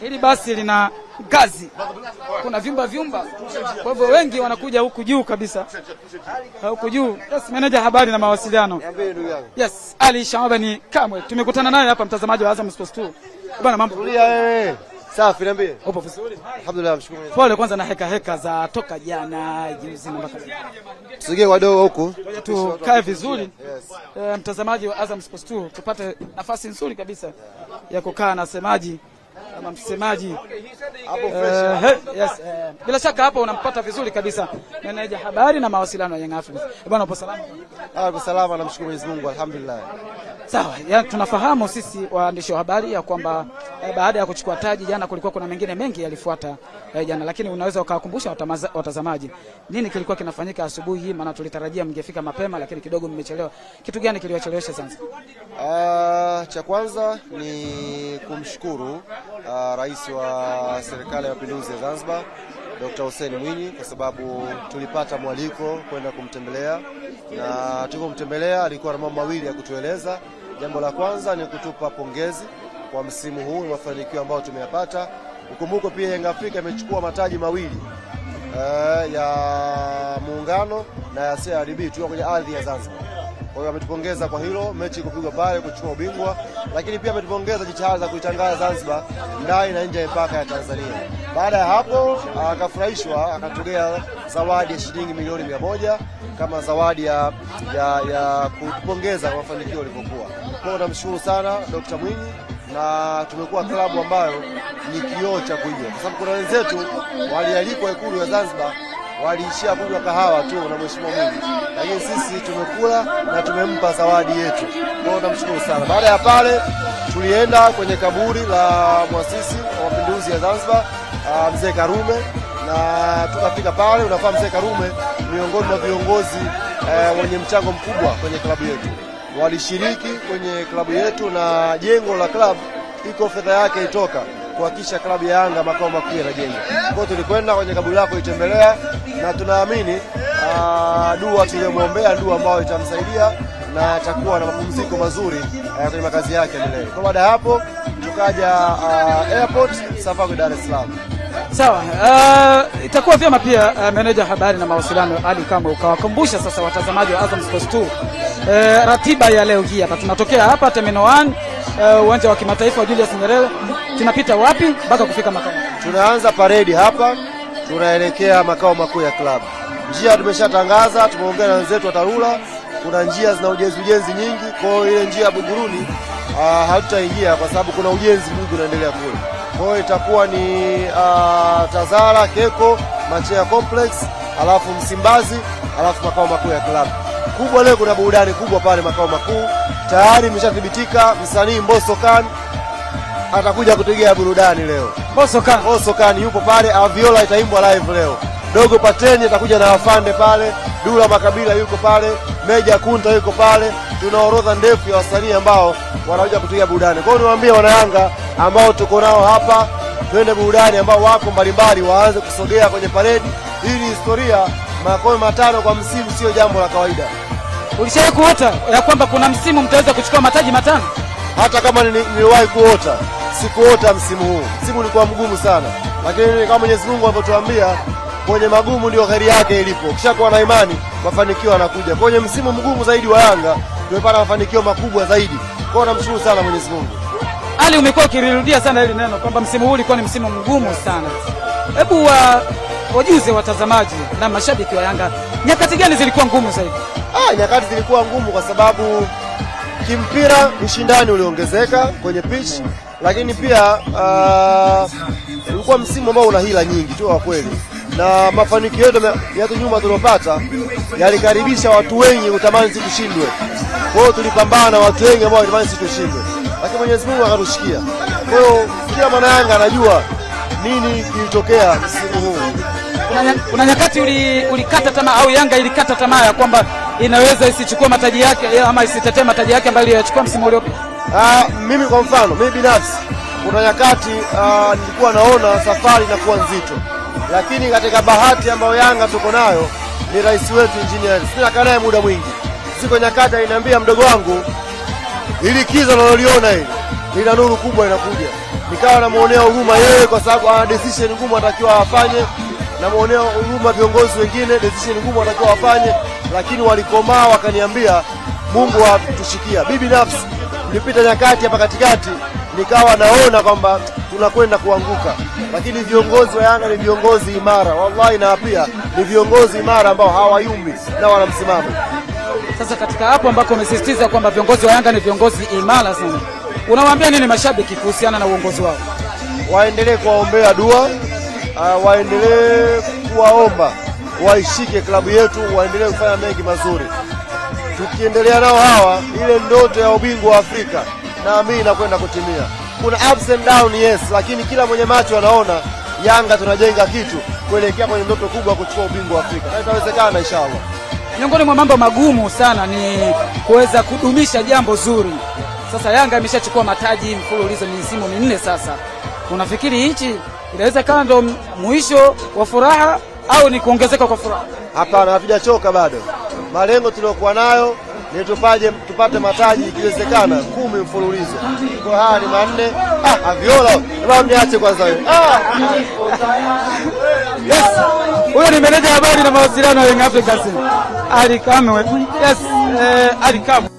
Hili basi lina ngazi, kuna vyumba vyumba, kwa hivyo wengi wanakuja huku juu kabisa, huku juu. Yes, meneja habari na mawasiliano. Yes, Ali Shabani Kamwe, tumekutana naye hapa, mtazamaji wa Azam Sports 2. Bwana, mambo eh, eh. safi? Niambie. Upo vizuri? Alhamdulillah, mshukuru Mungu. Pole kwanza na heka heka za toka jana juzi na mpaka tusogee wadogo huku tukae vizuri. Eh, mtazamaji wa Azam Sports 2, tupate nafasi nzuri kabisa ya kukaa na semaji ama msemaji uh, yes, uh, bila shaka hapo unampata vizuri kabisa meneja habari na mawasiliano ya Young Africans. Eh, bwana, upo salama? Ah, salama, namshukuru Mwenyezi Mungu, alhamdulillah. Sawa, yani tunafahamu sisi waandishi wa habari ya kwamba eh, baada ya kuchukua taji jana kulikuwa kuna mengine mengi yalifuata eh, jana, lakini unaweza ukawakumbusha watazamaji nini kilikuwa kinafanyika asubuhi hii, maana tulitarajia mngefika mapema, lakini kidogo mmechelewa. Kitu gani kiliwachelewesha sasa? Uh, eh, cha kwanza ni kumshukuru uh, rais wa serikali ya mapinduzi ya Zanzibar Dr. Hussein Mwinyi kwa sababu tulipata mwaliko kwenda kumtembelea na tulipomtembelea alikuwa na mambo mawili ya kutueleza. Jambo la kwanza ni kutupa pongezi kwa msimu huu, mafanikio ambayo tumeyapata. Ukumbuko pia Yanga Afrika imechukua mataji mawili e, ya muungano na ya CRDB tukiwa kwenye ardhi ya Zanzibar. Kwa hiyo ametupongeza kwa hilo, mechi kupigwa pale kuchukua ubingwa, lakini pia ametupongeza jitihada za kuitangaza Zanzibar ndani na nje ya mipaka ya Tanzania. Baada ya hapo akafurahishwa, akatugea zawadi ya shilingi milioni mia moja kama zawadi ya, ya, ya kupongeza kwa mafanikio yalivyokuwa. Kwa hiyo namshukuru sana Dr. Mwinyi na tumekuwa klabu ambayo ni kioo cha kuigwa, kwa sababu kuna wenzetu walialikwa Ikulu ya Zanzibar waliishia kunywa kahawa tu na mheshimiwa mwingi, lakini sisi tumekula na tumempa zawadi yetu. Kwa hiyo namshukuru sana. Baada ya pale, tulienda kwenye kaburi la mwasisi wa mapinduzi ya Zanzibar, ah, mzee Karume, na tukafika pale. Unafahamu mzee Karume miongoni mwa viongozi eh, wenye mchango mkubwa kwenye klabu yetu walishiriki kwenye klabu yetu, na jengo la klabu iko fedha yake itoka kuhakikisha klabu ya Yanga makao makuu yanajengwa. Kwa hiyo tulikwenda kwenye kaburi lako itembelea, na tunaamini ah, dua tuliyomwombea, dua ambayo itamsaidia na atakuwa na mapumziko mazuri uh, kwenye makazi yake leo. Kwa baada ya hapo tukaja ah, airport safari Dar es Salaam. Sawa, uh, itakuwa vyema pia uh, meneja habari na mawasiliano Ali Kamwe ukawakumbusha sasa watazamaji wa Azam Sports 2 Eh, ratiba ya leo hii hapa. Tunatokea hapa Terminal 1 eh, uwanja wa kimataifa wa Julius Nyerere. Tunapita wapi mpaka kufika makao? Tunaanza paredi hapa, tunaelekea makao makuu ya klabu. Njia tumeshatangaza, tumeongea na wenzetu wa TARURA, kuna njia zina ujenzi ujenzi nyingi, kwa hiyo ile njia ya Buguruni uh, ah, hatutaingia kwa sababu kuna ujenzi mwingi unaendelea kule. Kwa hiyo itakuwa ni uh, Tazara Keko Machea Complex, alafu Msimbazi, alafu makao makuu ya klabu kubwa. Leo kuna burudani kubwa pale makao makuu, tayari imeshathibitika. Msanii mboso Khan atakuja kutegea burudani leo. mboso Khan, Khan yupo pale. Aviola itaimbwa live leo. Dogo Pateni atakuja na wafande pale. Dula Makabila yuko pale, Meja Kunta yuko pale. Tuna orodha ndefu ya wasanii ambao wanakuja kutegea burudani. kwao niwaambie wanayanga ambao tuko nao hapa, twende burudani, ambao wako mbalimbali waanze kusogea kwenye paredi. Hii ni historia magoli matano kwa msimu sio jambo la kawaida. Ulishawahi kuota ya kwamba kuna msimu mtaweza kuchukua mataji matano? Hata kama niliwahi kuota, sikuota msimu huu. Msimu ulikuwa mgumu sana, lakini kama Mwenyezi Mungu alivyotuambia kwenye magumu ndio heri yake ilipo. Ukishakuwa na imani, mafanikio yanakuja. Kwenye msimu mgumu zaidi wa Yanga tumepata mafanikio makubwa zaidi. Kwa namshukuru sana Mwenyezi Mungu. Ali, umekuwa ukirudia sana hili neno kwamba msimu huu ulikuwa ni msimu mgumu sana. Hebu wa wajuze watazamaji na mashabiki wa Yanga, nyakati gani zilikuwa ngumu zaidi? Ah, nyakati zilikuwa ngumu kwa sababu kimpira ushindani uliongezeka kwenye pitch, lakini pia uh, ulikuwa msimu ambao una hila nyingi tu kwa kweli, na mafanikio yetu ya nyuma tuliopata yalikaribisha watu wengi kutamani si tushindwe. Kwa hiyo tulipambana na watu wengi ambao walitamani si tushindwe, lakini Mwenyezi Mungu akatushikia. Kwa hiyo kila mwana Yanga anajua nini kilitokea msimu huu? Kuna nyakati uli, ulikata tamaa au Yanga ilikata tamaa ya kwamba inaweza isichukue mataji yake ama isitetee mataji yake ambayo iliyachukua msimu uliopita? Uh, mimi kwa mfano mimi binafsi kuna nyakati uh, nilikuwa naona safari inakuwa nzito, lakini katika bahati ambayo Yanga tuko nayo ni rais wetu Engineer, sinakaa naye muda mwingi. siko nyakati aliniambia mdogo wangu, ilikiza unaloliona hili ina nuru kubwa inakuja nikawa namwonea huruma yeye, kwa sababu ana decision ngumu atakiwa afanye, namwonea huruma viongozi wengine, decision ngumu atakiwa afanye, lakini walikomaa wakaniambia, Mungu atushikia. Bibi nafsi, nilipita nyakati hapa katikati, nikawa naona kwamba tunakwenda kuanguka, lakini viongozi wa Yanga ni viongozi imara wallahi, na pia ni viongozi imara ambao hawayumbi na wanamsimama. Sasa katika hapo ambako umesisitiza kwamba viongozi wa Yanga ni viongozi imara sana Unawaambia nini mashabiki kuhusiana na uongozi wao? Waendelee kuwaombea dua, uh, waendelee kuwaomba waishike klabu yetu, waendelee kufanya mengi mazuri. Tukiendelea nao hawa, ile ndoto ya ubingwa wa Afrika naamini inakwenda kutimia. Kuna ups and down, yes, lakini kila mwenye macho anaona Yanga tunajenga kitu kuelekea kwenye ndoto kubwa kuchukua ubingwa wa Afrika na itawezekana inshallah. Miongoni mwa mambo magumu sana ni kuweza kudumisha jambo zuri sasa Yanga imeshachukua mataji mfululizo misimu minne sasa, unafikiri hichi inaweza kawa ndo mwisho wa furaha au ni kuongezeka kwa furaha? Hapana, havijachoka bado. Malengo tuliokuwa nayo ni tupaje, tupate mataji ikiwezekana kumi mfululizo. Kwa haya ni manne. Ah, Aviola niache kwanza wewe. Ah, yes, huyo ni meneja habari na mawasiliano ya Young Africans Ali Kamwe. Yes, eh, Ali Kamwe.